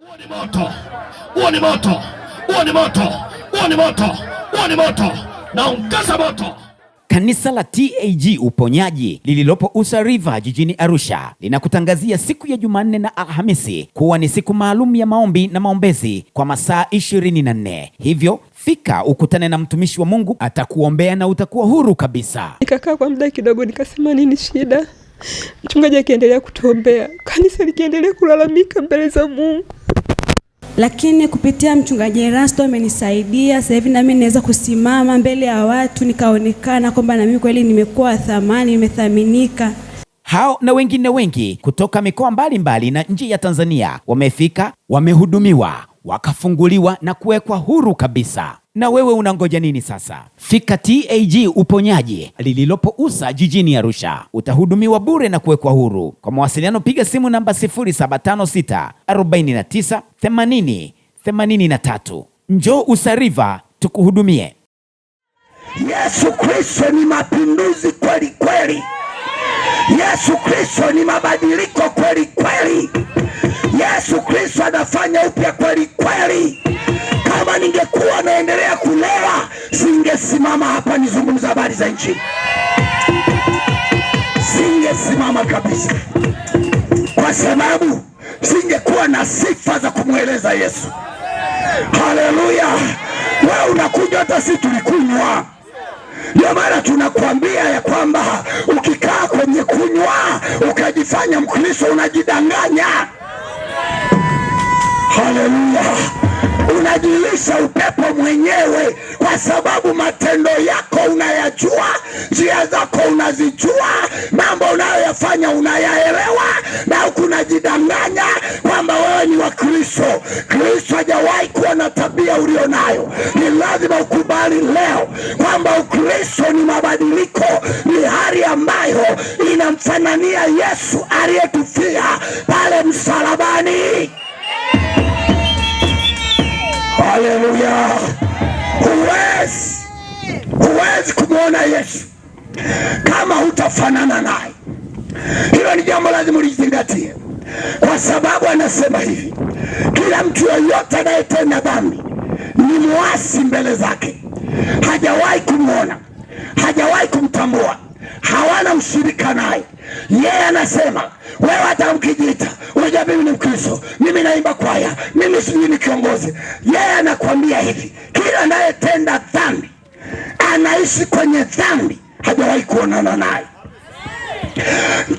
Huo ni moto, huo ni moto, huo ni moto, huo ni moto, huo ni moto, na ungasa moto. Kanisa la TAG Uponyaji lililopo Usa River jijini Arusha linakutangazia siku ya Jumanne na Alhamisi kuwa ni siku maalum ya maombi na maombezi kwa masaa 24. Hivyo fika ukutane na mtumishi wa Mungu, atakuombea na utakuwa huru kabisa. Nikakaa kwa muda kidogo, nikasema nini shida? Mchungaji akiendelea kutuombea, kanisa likiendelea kulalamika mbele za Mungu lakini kupitia mchungaji Erasto amenisaidia sasa hivi, nami naweza kusimama mbele ya watu nikaonekana kwamba mimi kweli nimekuwa thamani, nimethaminika. Hao na wengine wengi kutoka mikoa mbalimbali na nje ya Tanzania wamefika, wamehudumiwa, wakafunguliwa na kuwekwa huru kabisa na wewe unangoja nini sasa? Fika TAG uponyaji lililopo Usa jijini Arusha, utahudumiwa bure na kuwekwa huru. Kwa mawasiliano piga simu namba 0756498083. njo Usariva tukuhudumie. Yesu Kristo ni mapinduzi kweli kweli. Yesu Kristo ni mabadiliko kweli kweli. Yesu Kristo anafanya upya kweli kweli. Kama ningekuwa naendelea kulewa, singesimama hapa nizungumza habari za nchi, singesimama kabisa, kwa sababu singekuwa na sifa za kumweleza Yesu. Haleluya! Wewe unakunywa, hata sisi tulikunywa. Ndio maana tunakwambia ya kwamba ukikaa kwenye kunywa ukajifanya Mkristo unajidanganya. Haleluya! Unajilisha upepo mwenyewe, kwa sababu matendo yako unayajua, njia zako unazijua, mambo unayoyafanya unayaelewa, na unajidanganya kwamba wewe ni wa Kristo. Kristo hajawahi kuwa na tabia ulio nayo. Ni lazima ukubali leo kwamba Ukristo ni mabadiliko, ni hali ambayo inamfanania Yesu aliyetufia pale msalabani. Haleluya! Huwezi, huwezi kumwona Yesu kama hutafanana naye. Hilo ni jambo lazima ulizingatie, kwa sababu anasema hivi, kila mtu yoyote anayetenda dhambi ni mwasi mbele zake, hajawahi kumwona, hajawahi kumtambua, hawana ushirika naye. Yeye anasema wewe, hata ukijiita unajua mimi ni Mkristo, mimi naimba kwaya, mimi sijui ni kiongozi. Yeye anakuambia hivi, kila anayetenda dhambi anaishi kwenye dhambi, hajawahi kuonana naye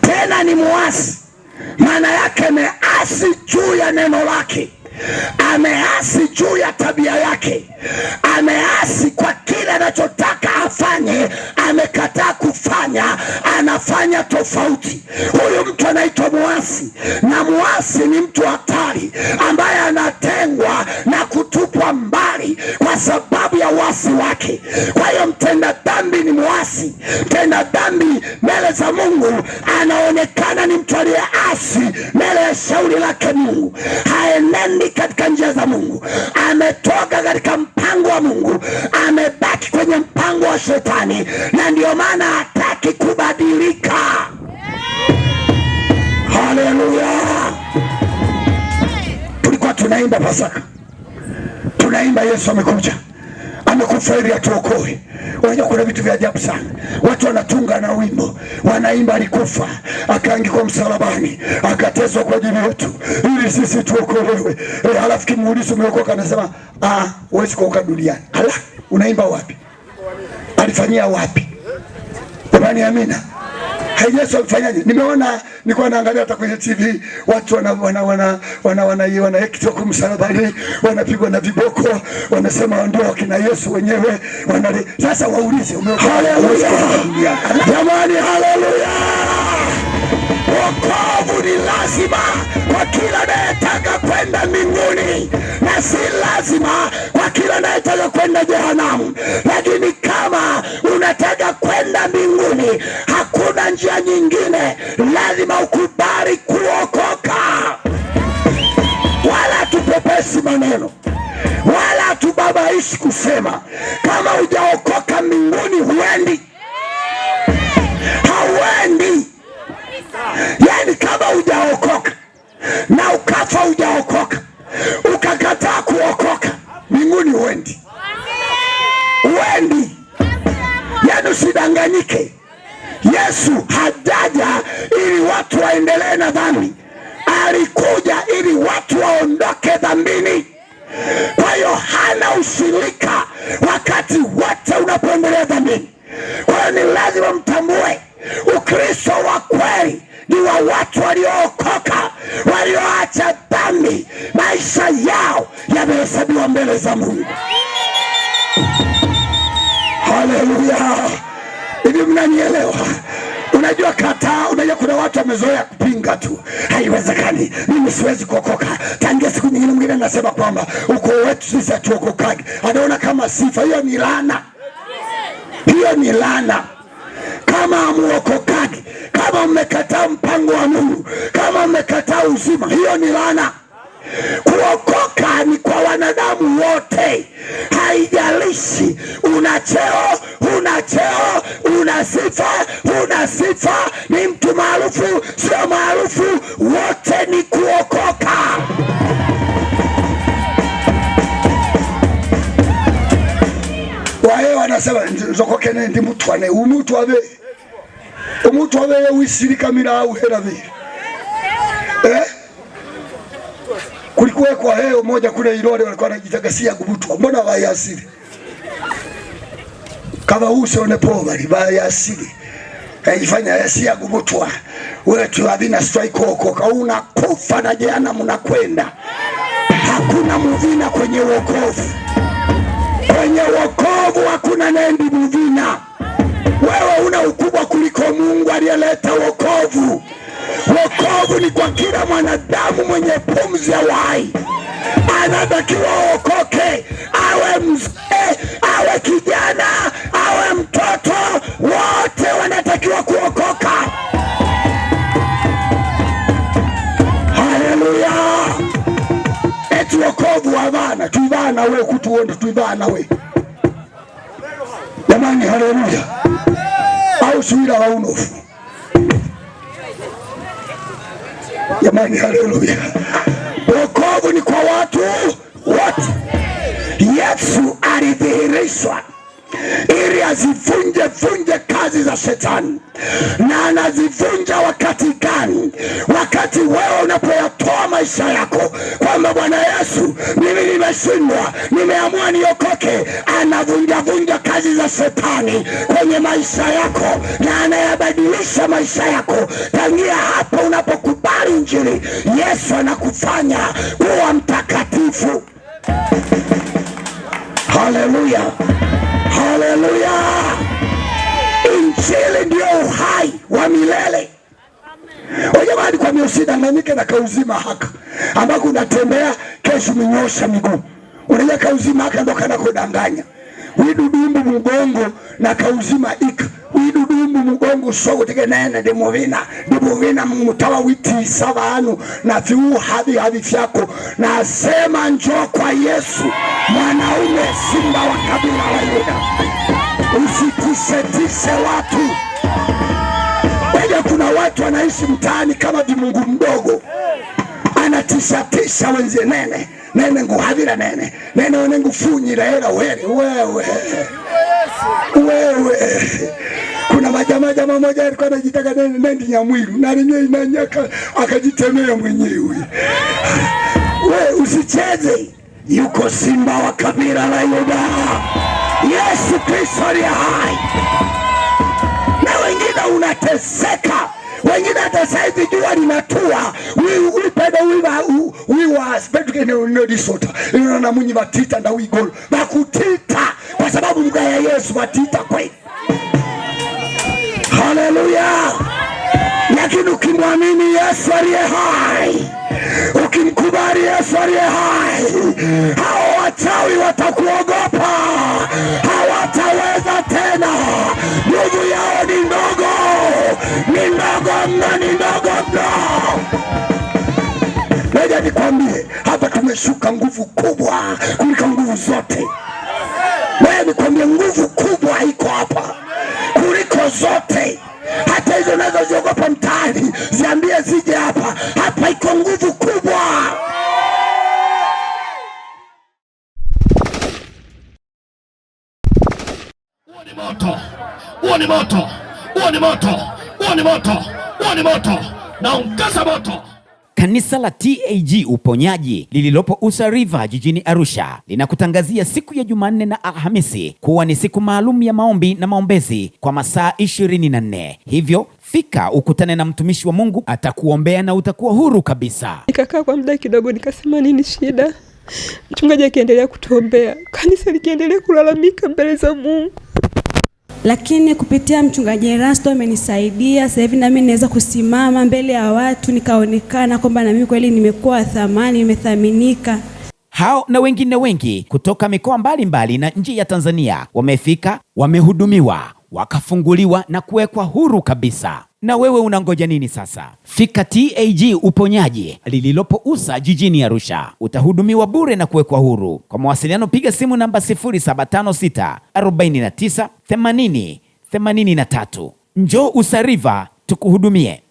tena, ni muasi. Maana yake ameasi juu ya neno lake, ameasi juu ya tabia yake, ameasi kwa kile anachotaka afanye, amekataa anafanya tofauti. Huyu mtu anaitwa muasi, na muasi ni mtu hatari ambaye anatengwa na kutupwa mbali kwa sababu ya uasi wake. Kwa hiyo mtenda dhambi ni muasi, mtenda dhambi mbele za Mungu anaonekana ni mtu aliyeasi mbele ya shauri lake Mungu, haenendi katika njia za Mungu, ametoka katika mpango wa Mungu, amebaki kwenye mpango wa Shetani, na ndiyo maana kubadilika. Haleluya! Tulikuwa tunaimba Pasaka, tunaimba Yesu amekuja, amekufa ili atuokoe. Wenyewe kuna vitu vya ajabu sana, watu wanatunga na wimbo wanaimba, alikufa akaangikwa msalabani akateswa kwa ajili yetu ili sisi tuokolewe. E, halafu kimuulizi umeokoka, anasema ah, huwezi duniani. Hala, unaimba wapi? Alifanyia wapi? Jamani, amina. Yesu amfanyaje? Nimeona nilikuwa naangalia hata kwenye TV watu wana wana wana wana wana wana huko msalabani, wanapigwa na viboko, wanasema ndio wakina Yesu wenyewe wana. Sasa waulize haleluya, jamani, haleluya! Wokovu ni lazima kwa kila anayetaka kwenda mbinguni na si lazima kwa kila anayetaka kwenda jehanamu. Lakini kama unataka kwenda mbinguni njia nyingine, lazima ukubali kuokoka. Wala tupepesi maneno, wala tubabaishi kusema. Kama hujaokoka mbinguni, huendi, hauendi. Yani kama hujaokoka na ukafa, hujaokoka ukakataa kuokoka, mbinguni huendi, huendi. Yani usidanganyike. Yesu hajaja ili watu waendelee na dhambi, alikuja ili watu waondoke dhambini. Kwa hiyo hana ushirika wakati wote unapoendelea dhambini. Kwa hiyo ni lazima mtambue Ukristo wa kweli ni wa watu waliookoka, walioacha dhambi, maisha yao yamehesabiwa mbele za Mungu. Haleluya! Hivi mnanielewa? Unajua kataa, unajua kuna watu wamezoea kupinga tu, haiwezekani, mimi siwezi kuokoka. Tangia siku nyingine mwingine anasema kwamba ukoo wetu sisi hatuokokagi, anaona kama sifa hiyo. Ni laana hiyo, ni laana kama hamuokokagi, kama mmekataa mpango wa Mungu, kama mmekataa uzima, hiyo ni laana. Kuokoka ni kwa wanadamu wote, haijalishi una cheo, una cheo, una sifa, una sifa, ni mtu maarufu, sio maarufu, wote ni kuokoka. wahe wanasema nzokokene ndi mutwane umutu abe umutu abe wisirika mira auhera vile eh? Kulikuwa kwa heo moja kule Ilole walikuwa wanajitagasia gubutu. Mbona wa wayasili? Kama uso ne po bali bayasili. Haifanya yasi ya gubutu. Wewe tu havina strike huko. Kauna kufa na jana mnakwenda. Hakuna muvina kwenye wokovu. Kwenye wokovu hakuna nendi muvina. Wewe una ukubwa kuliko Mungu aliyeleta wokovu. Wokovu ni kwa kila mwanadamu mwenye pumzi ya uhai, anatakiwa okoke awe mzee, awe kijana, awe mtoto, wote wanatakiwa kuokoka. Haleluya! eti wokovu wavana tuivana we kutuonde tuivana we jamani, haleluya! au siwila waunofu Jamani, haleluya! Wokovu ni kwa watu wote. Yesu alidhihirishwa ili azivunje vunje kazi za shetani, na anazivunja wakati gani? Wakati wewe unapoyatoa maisha yako kwamba Bwana Yesu, mimi nimeshindwa, nimeamua niokoke. Anavunjavunja kazi za shetani kwenye maisha yako na anayabadilisha maisha yako tangia hapo unapo injili. Yesu anakufanya kuwa mtakatifu. Haleluya, haleluya! Injili ndio uhai wa milele. Wajamani, kwa miosidanganyike na kauzima haka ambako unatembea kesho minyosha miguu unaja kauzima haka ndo kanakodanganya widudumbu mgongo na kauzima ika widu gusogo nene ndi muvina ndi muvina mutawa witiisa vanu na viu hadi havi vyako. Nasema njoo kwa Yesu, mwanaume simba wa kabila la Yuda, usitisetise watu peje. Kuna watu wanaishi mtaani kama vimungu mdogo, tisha wenzie nene nene nguhavira nene nene one hela wewe wewe kuna majamaa jamaa moja alikuwa anajitaka ya Nyamwiru na alinywa inanyaka akajitemea mwenyewe. We usicheze, yuko simba wa kabila la Yuda. Yesu Kristo ni hai, na wengine unateseka, wengine hata saa hivi jua linatua wipedowiwaspetukenodisoda inona munyi vatita ndawigolo vakutita kwa sababu mgaya Yesu vatita kwei Haleluya! Lakini ukimwamini Yesu aliye hai, ukimkubali Yesu aliye hai, hao wachawi watakuogopa, hawataweza tena. Nguvu yao ni ndogo, ni ndogo mno, ni ndogo mno. Ngoja nikwambie, hapa tumeshuka nguvu kubwa kuliko nguvu zote. Ngoja nikwambie, nguvu kubwa iko hapa kuliko zote unaogopa mtaani, ziambie zije hapa. Hapa iko nguvu kubwa. Huo ni moto, huo ni moto, huo ni moto, huo ni moto, moto. Kanisa la TAG Uponyaji lililopo Usa River jijini Arusha linakutangazia siku ya Jumanne na Alhamisi kuwa ni siku maalum ya maombi na maombezi kwa masaa 24. Hivyo Fika ukutane na mtumishi wa Mungu, atakuombea na utakuwa huru kabisa. Nikakaa kwa muda kidogo, nikasema nini shida? Mchungaji akiendelea kutuombea, kanisa likiendelea kulalamika mbele za Mungu, lakini kupitia mchungaji Erasto amenisaidia sasa hivi, nami naweza kusimama mbele ya watu nikaonekana kwamba nami kweli nimekuwa thamani, nimethaminika. Hao na wengine wengi kutoka mikoa mbalimbali na nje ya Tanzania wamefika, wamehudumiwa wakafunguliwa na kuwekwa huru kabisa. Na wewe unangoja nini sasa? Fika TAG uponyaji lililopo Usa jijini Arusha, utahudumiwa bure na kuwekwa huru. Kwa mawasiliano piga simu namba 0756 49 83. Njoo Usariva tukuhudumie.